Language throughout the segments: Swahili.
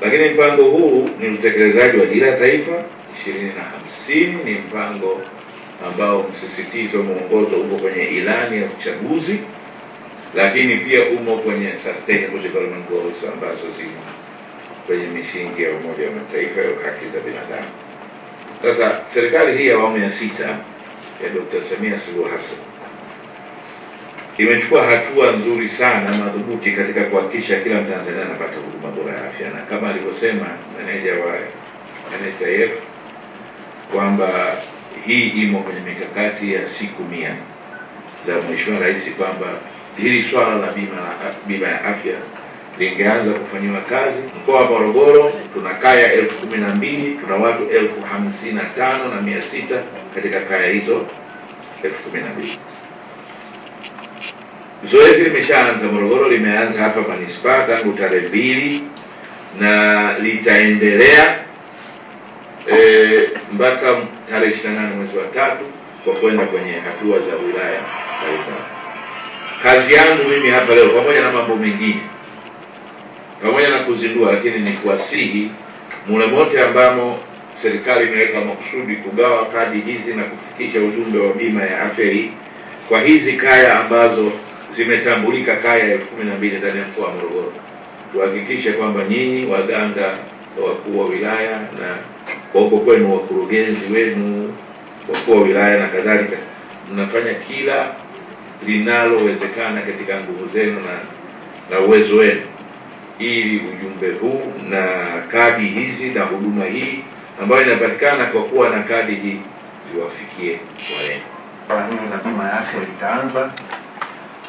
Lakini mpango huu ni mtekelezaji wa dira ya taifa ishirini na hamsini. Ni mpango ambao msisitizo, mwongozo uko kwenye ilani ya uchaguzi, lakini pia umo kwenye sustainable development goals ambazo zimo kwenye misingi ya Umoja wa Mataifa ya haki za binadamu. Sasa serikali hii ya awamu ya sita ya Dr. Samia Suluhu Hassan kimechukua hatua nzuri sana madhubuti katika kuhakikisha kila Mtanzania anapata huduma bora ya afya, na kama alivyosema meneja wa NHIF kwamba hii imo kwenye mikakati ya siku mia za Mheshimiwa Rais kwamba hili swala la bima, bima ya afya lingeanza kufanyiwa kazi mkoa wa Morogoro. Tuna kaya elfu kumi na mbili tuna watu elfu hamsini na tano na mia sita katika kaya hizo elfu kumi na mbili. Zoezi limeshaanza Morogoro, limeanza hapa manispaa tangu tarehe mbili na litaendelea e, mpaka tarehe 28 mwezi wa tatu kwa kwenda kwenye hatua za wilaya taifa. Kazi yangu mimi hapa leo, pamoja na mambo mengine, pamoja na kuzindua, lakini ni kuwasihi mule mote ambamo serikali imeweka makusudi kugawa kadi hizi na kufikisha ujumbe wa bima ya afya hii kwa hizi kaya ambazo zimetambulika kaya elfu kumi na mbili ndani ya mkoa wa Morogoro. Tuhakikishe kwamba nyinyi waganga wakuu wa wilaya na kwa kwenu wakurugenzi wenu wakuu wa wilaya na kadhalika, mnafanya kila linalowezekana katika nguvu zenu na na uwezo wenu ili ujumbe huu na kadi hizi na huduma hii ambayo inapatikana kwa kuwa na kadi hii ziwafikie walengo. Bima ya Afya litaanza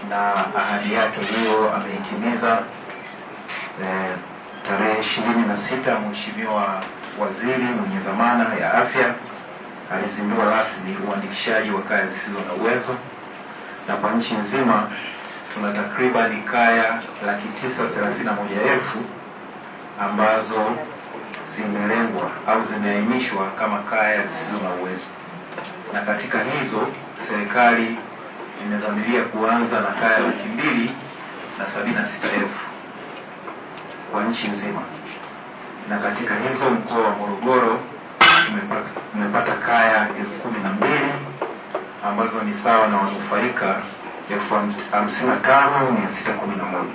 na ahadi yake hiyo ameitimiza. E, tarehe ishirini na sita mheshimiwa waziri mwenye dhamana ya afya alizindua rasmi uandikishaji wa kaya zisizo na uwezo, na kwa nchi nzima tuna takribani kaya laki tisa thelathini na moja elfu ambazo zimelengwa au zimeainishwa kama kaya zisizo na uwezo, na katika hizo serikali imedhamiria kuanza na kaya laki mbili na sabini na sita elfu kwa nchi nzima, na katika hizo mkoa wa Morogoro umepata kaya elfu kumi na mbili ambazo ni sawa na wanufaika elfu hamsini na tano mia sita kumi na moja.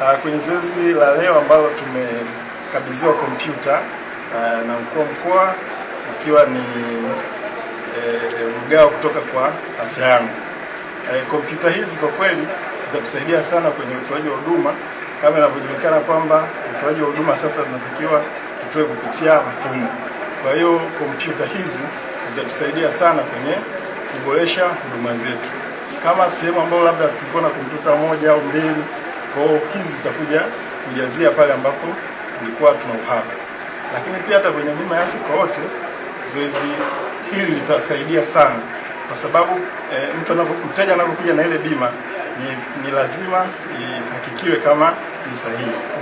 Ah, kwenye zoezi la leo ambalo tumekabidhiwa kompyuta ah, na mkuu wa mkoa ukiwa ni e, mgao kutoka kwa afya yangu E, kompyuta hizi kwa kweli zitatusaidia sana kwenye utoaji wa huduma, kama inavyojulikana kwamba utoaji wa huduma sasa tunatakiwa tutoe kupitia mfumo. Kwa hiyo kompyuta hizi zitatusaidia sana kwenye kuboresha huduma zetu, kama sehemu ambayo labda tulikuwa na kompyuta moja au mbili, kwa hiyo hizi zitakuja kujazia pale ambapo tulikuwa tuna uhaba. Lakini pia hata kwenye bima ya afya kwa wote, zoezi hili litasaidia sana kwa sababu e, mtu mteja anapokuja na ile bima ni, ni lazima ihakikiwe kama ni sahihi.